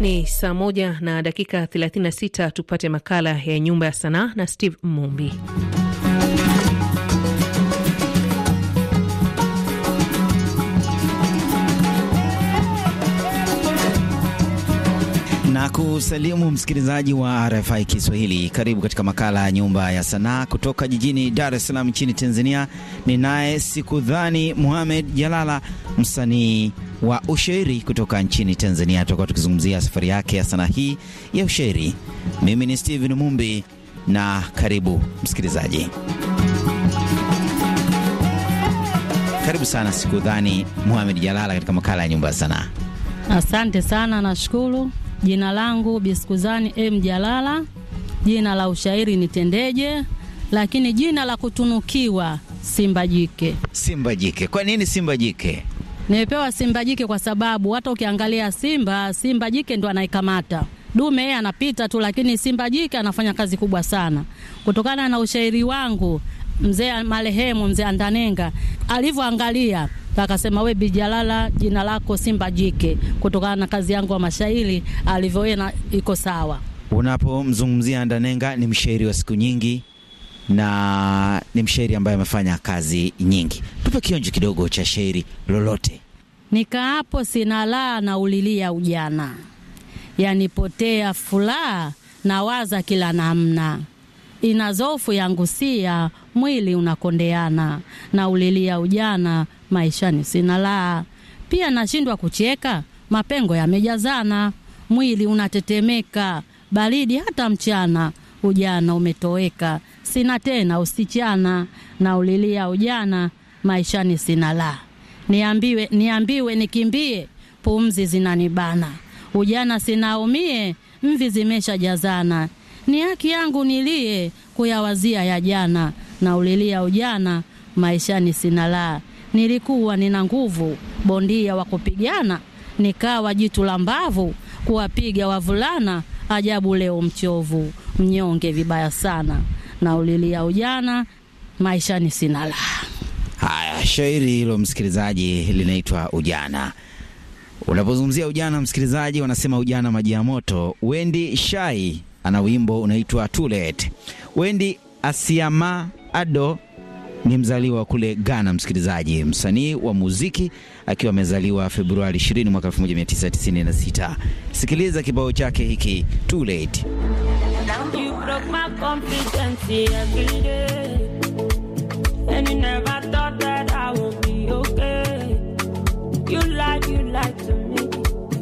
Ni saa moja na dakika 36, tupate makala ya nyumba ya sanaa na Steve Mumbi. kusalimu msikilizaji wa RFI Kiswahili. Karibu katika makala ya Nyumba ya Sanaa kutoka jijini Dar es Salaam nchini Tanzania. Ninaye Sikudhani Mohamed Jalala, msanii wa ushairi kutoka nchini Tanzania. Tutakuwa tukizungumzia safari yake ya sanaa hii ya ushairi. Mimi ni Steven Mumbi na karibu msikilizaji. Karibu sana Sikudhani Mohamed Jalala katika makala ya Nyumba ya Sanaa. Asante sana, nashukuru. Jina langu Biskuzani M Jalala, jina la ushairi nitendeje, lakini jina la kutunukiwa Simba Jike. Simba Jike, kwa nini Simba Jike? Nimepewa Simba Jike kwa sababu hata ukiangalia Simba, Simba Jike ndo anaikamata dume yeye anapita tu, lakini Simba Jike anafanya kazi kubwa sana. Kutokana na ushairi wangu, mzee marehemu mzee Andanenga alivyoangalia akasema, we Bijalala, jina lako simba jike, kutokana na kazi yangu ya mashairi alivyoena iko sawa. Unapomzungumzia Ndanenga, ni mshairi wa siku nyingi na ni mshairi ambaye amefanya kazi nyingi. Tupe kionjo kidogo cha shairi lolote. Nikaapo sinalaa laa na ulilia ujana, yanipotea furaha na waza kila namna, ina zofu yangusia mwili unakondeana, na ulilia ujana maishani sina la pia nashindwa kucheka, mapengo yamejazana, mwili unatetemeka, baridi hata mchana, ujana umetoweka, sina tena usichana, na ulilia ujana, maishani sina la. Niambiwe, niambiwe nikimbie, pumzi zinanibana, ujana sinaumie, mvi zimeshajazana, ni haki yangu nilie, kuyawazia ya jana, na ulilia ujana, maishani sina la nilikuwa nina nguvu bondia wa kupigana, nikawa jitu la mbavu kuwapiga wavulana. Ajabu leo mchovu, mnyonge vibaya sana, na ulilia ujana, maisha ni sina la Haya, shairi hilo msikilizaji, linaitwa Ujana. Unapozungumzia ujana, msikilizaji, wanasema ujana maji ya moto. Wendi Shai ana wimbo unaitwa Too Late. Wendi Asiama Ado ni mzaliwa kule Ghana, msikilizaji, msanii wa muziki akiwa amezaliwa Februari 20 mwaka 1996. Sikiliza kibao chake hiki too late.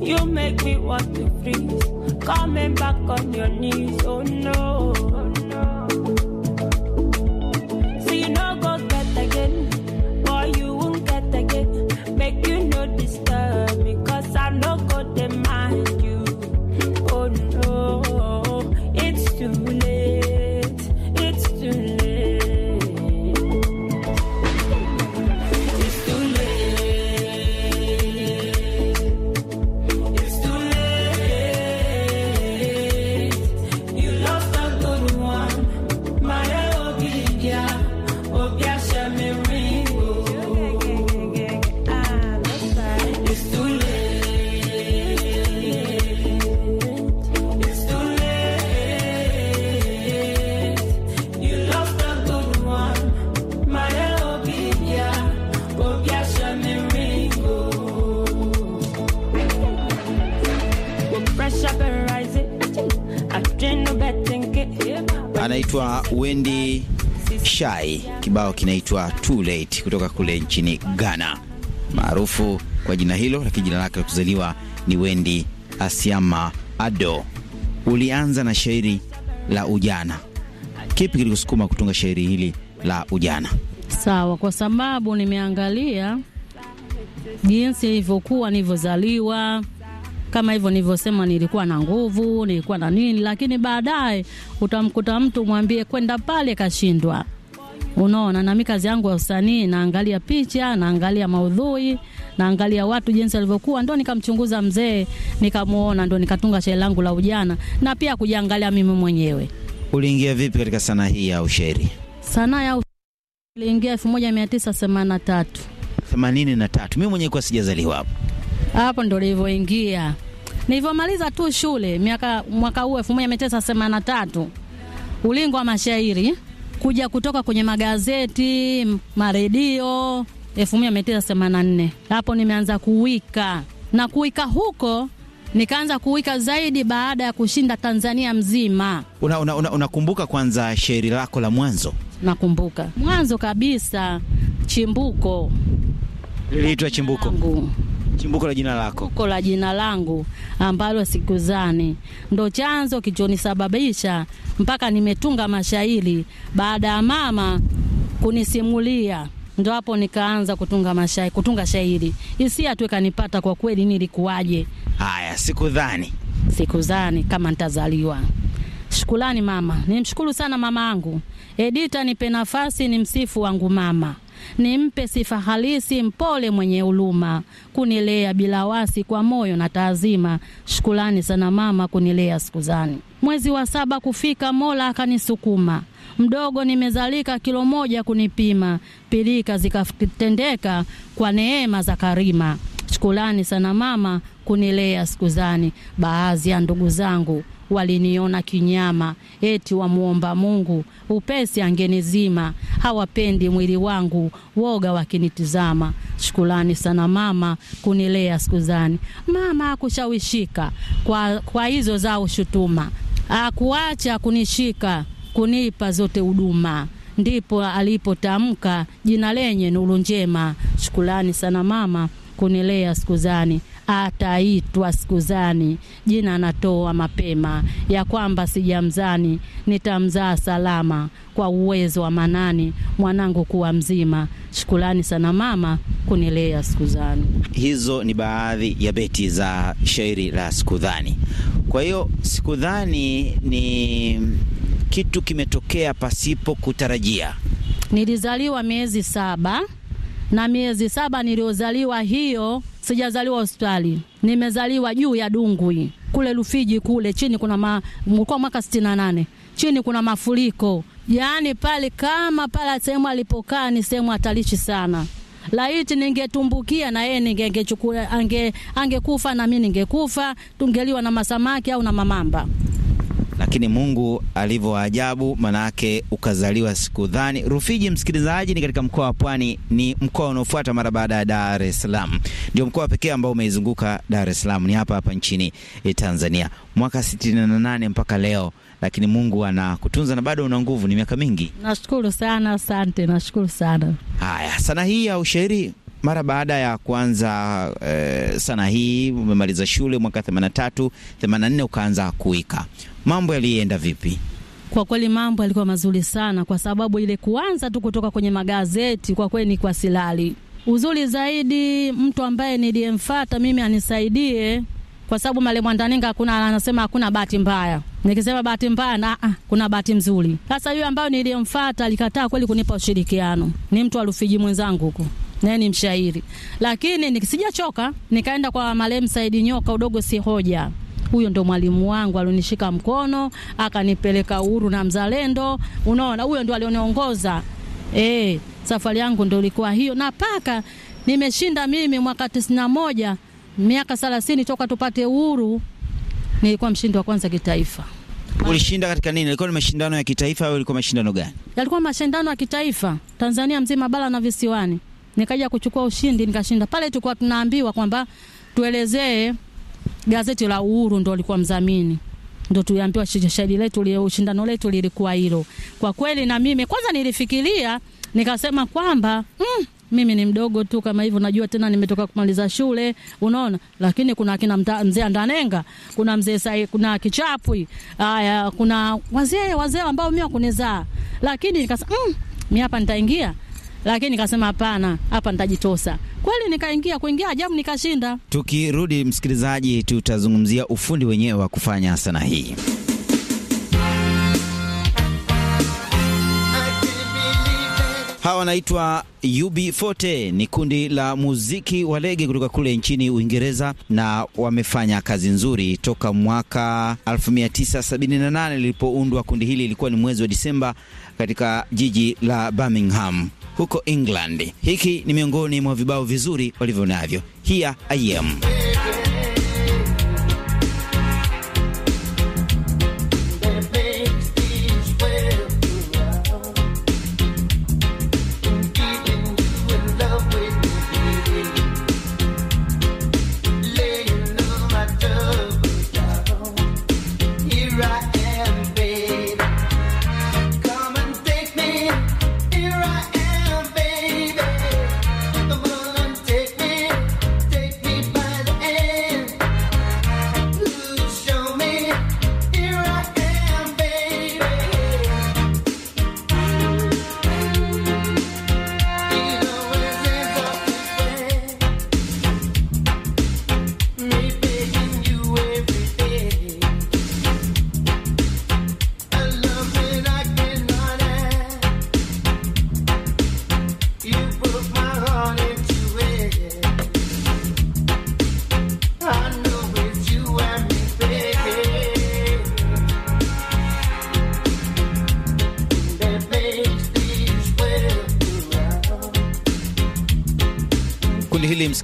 You make me want to freeze. Coming back on your knees, oh no. Wendi Shai, kibao kinaitwa Too Late kutoka kule nchini Ghana, maarufu kwa jina hilo, lakini jina lake la kuzaliwa ni Wendi Asiama Ado. Ulianza na shairi la ujana, kipi kilikusukuma kutunga shairi hili la ujana? Sawa, kwa sababu nimeangalia jinsi ilivyokuwa nilivyozaliwa kama hivyo nilivyosema, nilikuwa na nguvu, nilikuwa na nini, lakini baadaye utamkuta mtu mwambie kwenda pale kashindwa. Unaona, nami kazi yangu ya usanii naangalia picha, naangalia maudhui, naangalia watu jinsi walivyokuwa, ndo nikamchunguza mzee, nikamuona, ndo nikatunga shairi langu la ujana na pia kujiangalia mimi mwenyewe. Uliingia vipi katika sanaa hii ya ushairi? Sanaa ya niliingia 1983. 83. Mimi mwenyewe kwa sijazaliwa hapo. Hapo ndo nilivyoingia. Nilivyomaliza tu shule miaka mwaka huu 1983 ulingo wa mashairi kuja kutoka kwenye magazeti, maredio 1984 hapo nimeanza kuwika na kuwika huko nikaanza kuwika zaidi baada ya kushinda Tanzania mzima. Unakumbuka una, una, una kwanza shairi lako la mwanzo? Nakumbuka mwanzo kabisa, chimbuko liliitwa chimbuko Chimbuko la jina lako? Chimbuko la jina langu ambalo sikuzani, ndo chanzo kilichonisababisha mpaka nimetunga mashairi baada ya mama kunisimulia ndo hapo nikaanza kutunga mashairi, kutunga shairi. Hisia tu ikanipata kwa kweli, nilikuwaje? Haya, sikudhani, sikudhani kama nitazaliwa. shukulani mama, nimshukuru sana mama yangu Edita, nipe nafasi ni msifu wangu mama nimpe sifa halisi, mpole mwenye uluma, kunilea bila wasi kwa moyo na taazima. Shukrani sana mama kunilea sikuzani. Mwezi wa saba kufika, Mola akanisukuma mdogo nimezalika kilo moja kunipima, pilika zikatendeka kwa neema za karima. Shukrani sana mama kunilea sikuzani. Baadhi ya ndugu zangu waliniona kinyama, eti wamuomba Mungu upesi angenizima, hawapendi mwili wangu woga wakinitizama. shukulani sana mama kunilea siku zani. Mama akushawishika kwa, kwa hizo za ushutuma, akuacha kunishika kunipa zote huduma ndipo alipotamka jina lenye nuru njema. Shukulani sana mama kunilea siku zani ataitwa siku zani, jina anatoa mapema, ya kwamba sijamzani, nitamzaa salama kwa uwezo wa Manani, mwanangu kuwa mzima. shukulani sana mama kunilea siku zani. Hizo ni baadhi ya beti za shairi la siku dhani Kwa hiyo sikudhani ni kitu kimetokea pasipo kutarajia. Nilizaliwa miezi saba na miezi saba niliozaliwa hiyo sijazaliwa hospitali, nimezaliwa juu ya Dungwi kule Rufiji kule chini, kuna ma, mlikuwa mwaka nane chini kuna mafuriko yaani, pale kama pale sehemu alipokaa ni sehemu hatarishi sana. Laiti ningetumbukia na yeye ningechukua ange, angekufa na mimi ningekufa, tungeliwa na masamaki au na mamamba lakini Mungu ajabu, manake ukazaliwa siku dhani Rufiji, msikilizaji, ni katika mkoa wa Pwani, ni mkoa unaofuata mara baada ya Dar es Salaam. Ndio mkoa pekee ambao umeizunguka Dar es Salaam, ni hapa hapa nchini eh, Tanzania, mwaka 68 mpaka leo, lakini Mungu anakutunza na bado una nguvu, ni miaka mingi. Nashukuru sana, asante, nashukuru sana. Haya, sanaa hii ya ushairi mara baada ya kuanza e, sana hii, umemaliza shule mwaka 83 84, ukaanza kuika, mambo yalienda vipi? Kwa kweli mambo yalikuwa mazuri sana, kwa sababu ile kuanza tu kutoka kwenye magazeti, kwa kweli ni kwa silali uzuri zaidi. Mtu ambaye niliyemfuata mimi anisaidie, kwa sababu Male Mwandaninga kuna anasema hakuna bahati mbaya nikisema bahati mbaya na ah, kuna bahati nzuri. Sasa yule ambayo niliyemfuata alikataa kweli kunipa ushirikiano, ni mtu wa Rufiji mwenzangu huko naye ni mshairi, lakini nikisijachoka nikaenda kwa marehemu Saidi Nyoka, udogo si hoja. Huyo ndo mwalimu wangu alionishika mkono akanipeleka uhuru na mzalendo. Unaona, huyo ndo alioniongoza eh, safari yangu ndo ilikuwa hiyo, na paka nimeshinda mimi mwaka tisini na moja miaka thelathini toka tupate uhuru, nilikuwa mshindi wa kwanza kitaifa. Ulishinda katika nini? Ilikuwa ni mashindano ya kitaifa au ilikuwa mashindano gani? Yalikuwa mashindano ya kitaifa Tanzania mzima, bara na visiwani nikaja kuchukua ushindi nikashinda. Pale tulikuwa tunaambiwa kwamba tuelezee gazeti la Uhuru ndo alikuwa mdhamini ndo tuliambiwa shahidi letu ushindano letu lilikuwa hilo. Kwa kweli, na mimi kwanza nilifikiria nikasema kwamba mm, mimi ni mdogo tu kama hivyo, najua tena nimetoka kumaliza shule, unaona. Lakini kuna akina mzee Andanenga, kuna mzee Sai, kuna Kichapwi, haya, kuna wazee wazee ambao mimi wakunizaa, lakini nikasema mm, mimi hapa nitaingia lakini nikasema hapana, hapa nitajitosa kweli. Nikaingia kuingia ajabu, nikashinda. Tukirudi msikilizaji, tutazungumzia ufundi wenyewe wa kufanya sanaa hii. Hawa wanaitwa UB40 ni kundi la muziki wa lege kutoka kule nchini Uingereza, na wamefanya kazi nzuri toka mwaka 1978 lilipoundwa kundi hili, ilikuwa ni mwezi wa Disemba katika jiji la Birmingham huko England. Hiki ni miongoni mwa vibao vizuri walivyonavyo. Here I am.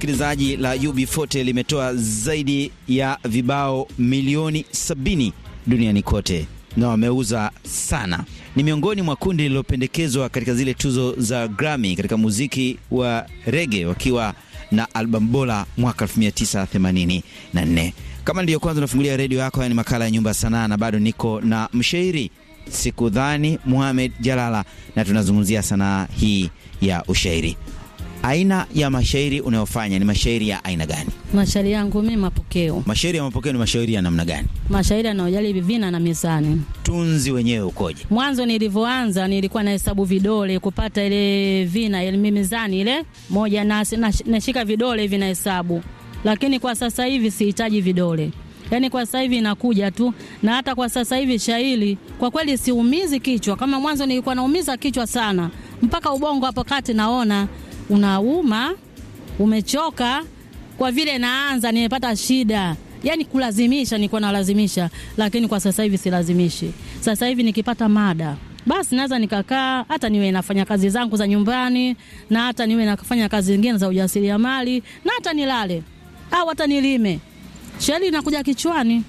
msikilizaji, la UB40 limetoa zaidi ya vibao milioni sabini duniani kote na wameuza sana. Ni miongoni mwa kundi lililopendekezwa katika zile tuzo za Grammy katika muziki wa rege wakiwa na albamu bora mwaka 1984. Kama ndiyo kwanza unafungulia redio yako, haya ni makala ya Nyumba ya Sanaa na bado niko na mshairi Sikudhani muhamed Jalala na tunazungumzia sanaa hii ya ushairi. Aina ya mashairi unayofanya ni mashairi ya aina gani? Mashairi yangu mimi mapokeo. Mashairi ya mapokeo ni mashairi ya namna gani? Mashairi yanayojali vivina na mizani. Tunzi wenyewe ukoje? Mwanzo nilivyoanza nilikuwa na hesabu vidole kupata ile vina ile mizani ile moja, na nashika vidole hivi na hesabu, lakini kwa sasa hivi sihitaji vidole yaani kwa sasa hivi inakuja tu, na hata kwa sasa hivi shairi kwa kweli siumizi kichwa kama mwanzo. Nilikuwa naumiza kichwa sana mpaka ubongo hapo kati naona unauma, umechoka, kwa vile naanza nimepata shida. Yani kulazimisha, nilikuwa nalazimisha, lakini kwa sasa hivi silazimishi. Sasa hivi nikipata mada basi naweza nikakaa hata niwe nafanya kazi zangu za nyumbani na hata niwe nafanya kazi zingine za ujasiriamali na hata nilale au hata nilime. sheli inakuja kichwani.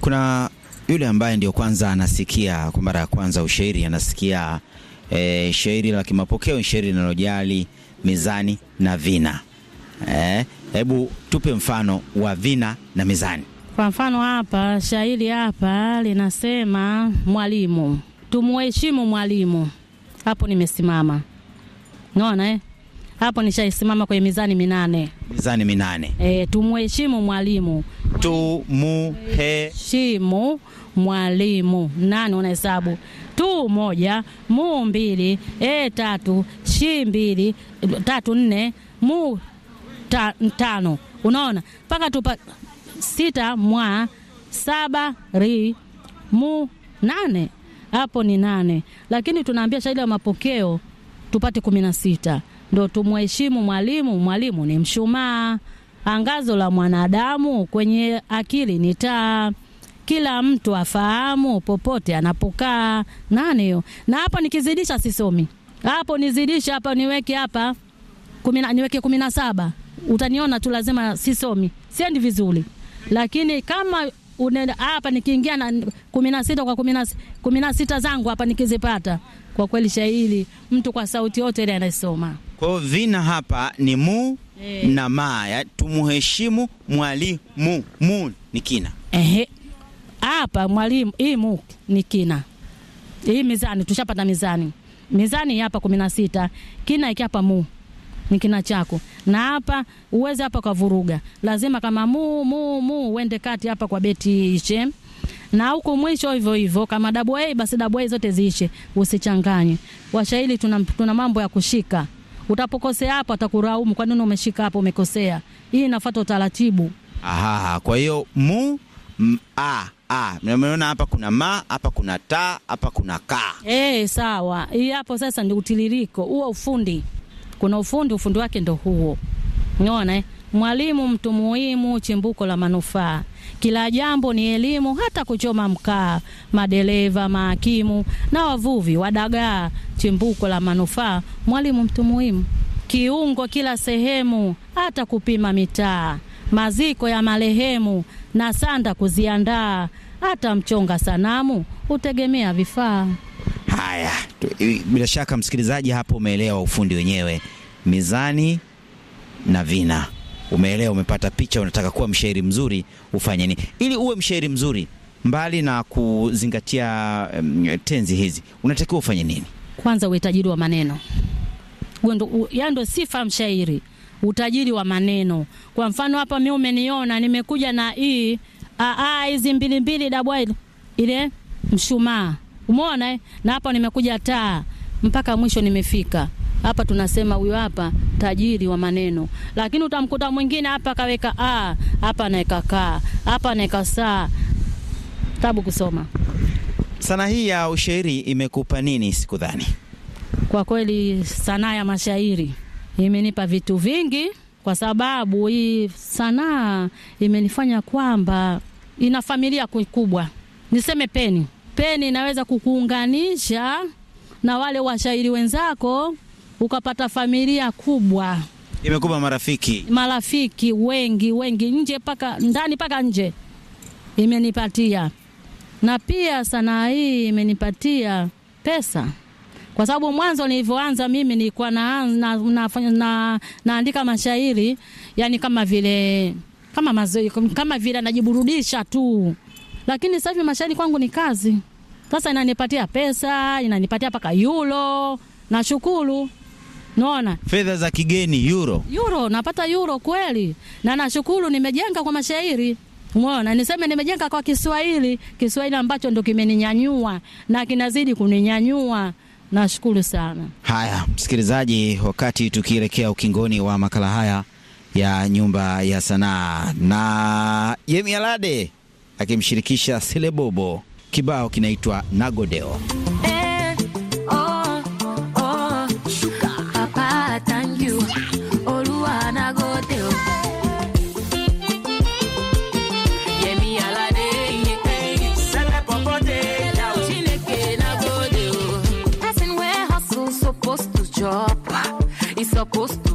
Kuna yule ambaye ndio kwanza anasikia kwa mara ya kwanza ushairi, anasikia e, shairi la kimapokeo, shairi linalojali mizani na vina. Eh, hebu tupe mfano wa vina na mizani. Kwa mfano hapa shairi hapa linasema mwalimu, tumuheshimu mwalimu. Hapo nimesimama, unaona eh? Hapo nishaisimama kwenye mizani minane, mizani minane. E, tumuheshimu mwalimu, tumuheshimu mwalimu. Nani unahesabu? tu moja mu mbili e tatu shi mbili tatu nne mu ta, tano. Unaona mpaka tupa sita mwa saba ri mu nane, hapo ni nane, lakini tunaambia shahidi ya mapokeo tupate kumi na sita ndo tumheshimu mwalimu. Mwalimu ni mshumaa, angazo la mwanadamu, kwenye akili ni taa kila mtu afahamu popote anapokaa nani hiyo. Na hapa nikizidisha sisomi, hapo nizidisha hapa, niweke hapa kumina, niweke kumi na saba, utaniona tu lazima sisomi, siendi vizuri, lakini kama unaenda hapa nikiingia na kumi na sita kwa kumi na sita zangu hapa nikizipata, kwa kweli shahili mtu kwa sauti yote ile anasoma. Kwa hiyo vina hapa ni mu e, na maya. Tumuheshimu mwalimu mu ni kina ehe hapa mwalimu, hii muki ni kina hii mizani, tushapata mizani, mizani hapa kumi na sita, kina iki hapa mu ni kina chako, na hapa uweze hapa kwa vuruga, lazima kama mu mu mu uende kati hapa kwa beti ishe, na huko mwisho hivyo hivyo, kama dabu A basi dabu A zote ziishe, usichanganye. Washairi tuna, tuna mambo ya kushika Utapokosea hapo atakuraumu, kwa nini umeshika hapo, umekosea. Hii inafuata utaratibu. Aha, kwa hiyo mu m, a Ah, mmeona hapa kuna ma, hapa kuna ta, hapa kuna ka. Eh, sawa. Hii hapo sasa ndio utiririko. Huo ufundi. Kuna ufundi, ufundi wake ndio huo. Unaona eh? Mwalimu mtu muhimu, chimbuko la manufaa. Kila jambo ni elimu, hata kuchoma mkaa. Madereva, mahakimu na wavuvi, wadagaa, chimbuko la manufaa. Mwalimu mtu muhimu, kiungo kila sehemu, hata kupima mitaa. Maziko ya marehemu na sanda kuziandaa, hata mchonga sanamu hutegemea vifaa haya. Bila shaka, msikilizaji, hapo umeelewa ufundi wenyewe, mizani na vina. Umeelewa, umepata picha. Unataka kuwa mshairi mzuri, ufanye nini ili uwe mshairi mzuri? Mbali na kuzingatia um, tenzi hizi, unatakiwa ufanye nini? Kwanza, uwe tajiri wa maneno, yando sifa mshairi utajiri wa maneno. Kwa mfano hapa mimi umeniona nimekuja na hii aa hizi mbili mbili dabwa ile ile mshumaa. Umeona eh? Na hapa nimekuja taa mpaka mwisho nimefika. Hapa tunasema huyu hapa tajiri wa maneno. Lakini utamkuta mwingine hapa kaweka a, hapa anaweka ka, hapa anaweka saa. Tabu kusoma. Sanaa hii ya ushairi imekupa nini siku dhani? Kwa kweli sanaa ya mashairi imenipa vitu vingi, kwa sababu hii sanaa imenifanya kwamba ina familia kubwa. Niseme peni, peni inaweza kukuunganisha na wale washairi wenzako ukapata familia kubwa. Imekupa marafiki, marafiki wengi wengi, nje paka ndani paka nje. Imenipatia na pia sanaa hii imenipatia pesa kwa sababu mwanzo nilivyoanza mimi nilikuwa na, na, na, na, naandika mashairi yani kama vile kama mazoezi kama vile najiburudisha tu, lakini sasa hivi mashairi kwangu ni kazi. Sasa inanipatia pesa, inanipatia paka euro. Nashukuru. Naona fedha za kigeni euro, euro napata euro kweli, na nashukuru, nimejenga kwa mashairi Umeona, niseme nimejenga kwa Kiswahili, Kiswahili ambacho ndo kimeninyanyua na kinazidi kuninyanyua. Nashukuru sana. Haya msikilizaji, wakati tukielekea ukingoni wa makala haya ya Nyumba ya Sanaa na Yemi Alade akimshirikisha Selebobo, kibao kinaitwa Nagodeo. costume.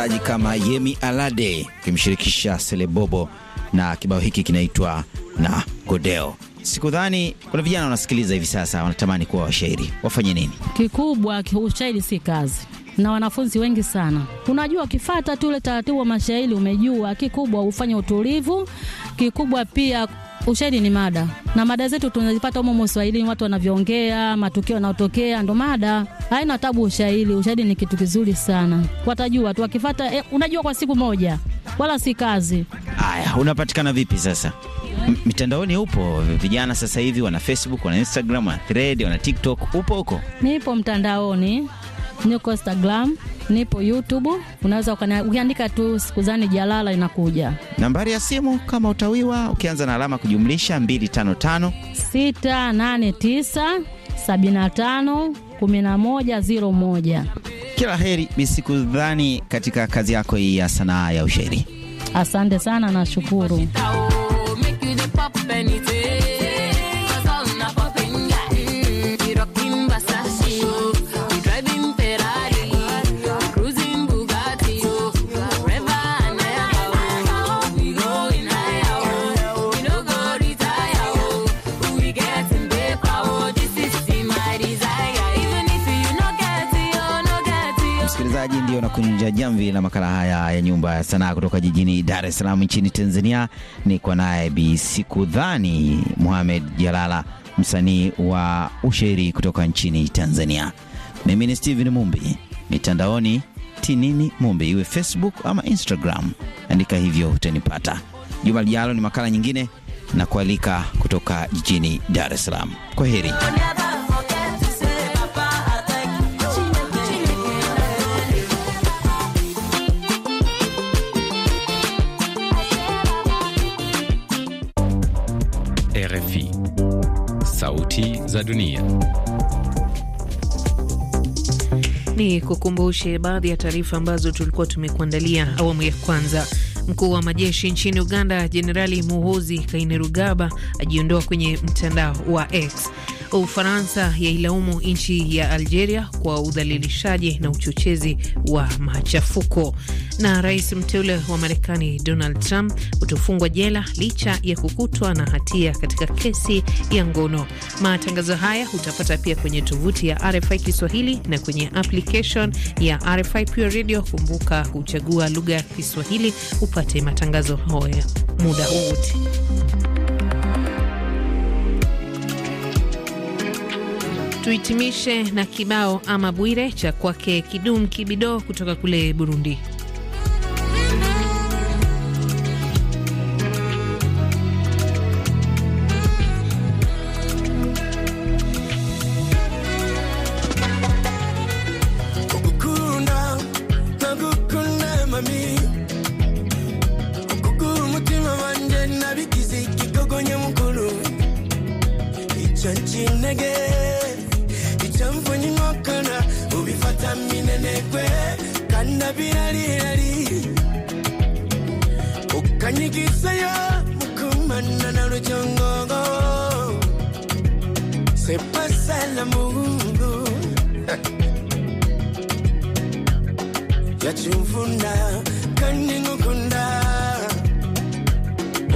msikilizaji kama Yemi Alade kimshirikisha Selebobo na kibao hiki kinaitwa na Godeo. Sikudhani kuna vijana wanasikiliza hivi sasa wanatamani kuwa washairi, wafanye nini? Kikubwa ushairi si kazi na wanafunzi wengi sana. Unajua, ukifata tu ule taratibu wa mashairi umejua, kikubwa ufanye utulivu, kikubwa pia ushahidi ni mada, na mada zetu tunazipata humo humo Swahilini, watu wanavyoongea, matukio yanayotokea, ndo mada. Haina tabu ushahidi ushahidi ni kitu kizuri sana, watajua tu wakifata. Eh, unajua kwa siku moja, wala si kazi. Haya, unapatikana vipi sasa? M mitandaoni upo? Vijana sasa hivi wana Facebook, wana Instagram, wana Thread, wana TikTok, upo huko? Nipo mtandaoni niko Instagram, nipo YouTube, unaweza ukiandika tu Sikuzani Jalala inakuja. Nambari ya simu kama utawiwa, ukianza na alama kujumlisha 255 689 75 1101. Kila heri Bisikudhani katika kazi yako hii ya sanaa ya ushairi. Asante sana, nashukuru. ndio nakunja jamvi la makala haya ya nyumba ya sanaa kutoka jijini Dar es Salaam nchini Tanzania. Niko naye Bi Sikudhani Mohamed Jalala, msanii wa ushairi kutoka nchini Tanzania. Mimi ni Steven Mumbi, mitandaoni tinini Mumbi, iwe Facebook ama Instagram, andika hivyo utanipata. Juma lijalo ni makala nyingine na kualika kutoka jijini Dar es Salaam. Kwa heri. RFI. Sauti za Dunia. Ni kukumbushe baadhi ya taarifa ambazo tulikuwa tumekuandalia awamu ya kwanza. Mkuu wa majeshi nchini Uganda Jenerali Muhoozi Kainerugaba ajiondoa kwenye mtandao wa X. Ufaransa yailaumu nchi ya Algeria kwa udhalilishaji na uchochezi wa machafuko, na rais mteule wa Marekani Donald Trump utafungwa jela licha ya kukutwa na hatia katika kesi ya ngono. Matangazo haya utapata pia kwenye tovuti ya RFI Kiswahili na kwenye application ya RFI Pure Radio. Kumbuka kuchagua lugha ya Kiswahili upate matangazo haya muda wote. Tuhitimishe na kibao ama Bwire cha kwake Kidum Kibido kutoka kule Burundi. c'est pas ça l'amour. Yachimfunda, kaningukunda.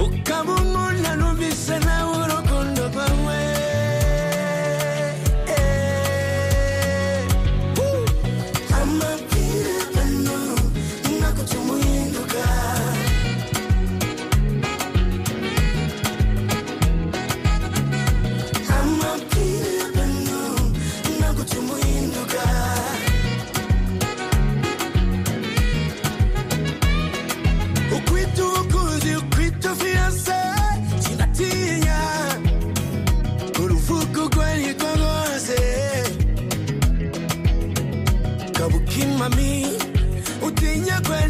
Ukabumuna lubisana.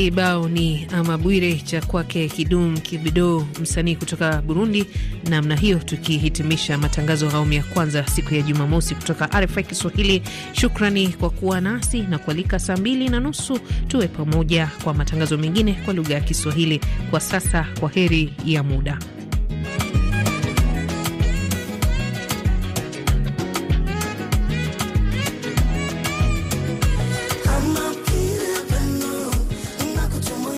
Kibao ni Amabwire cha kwake Kidum Kibido, msanii kutoka Burundi. Namna hiyo tukihitimisha matangazo ya awamu ya kwanza siku ya Jumamosi kutoka RFI Kiswahili. Shukrani kwa kuwa nasi na kualika, saa mbili na nusu tuwe pamoja kwa matangazo mengine kwa lugha ya Kiswahili. Kwa sasa, kwa heri ya muda.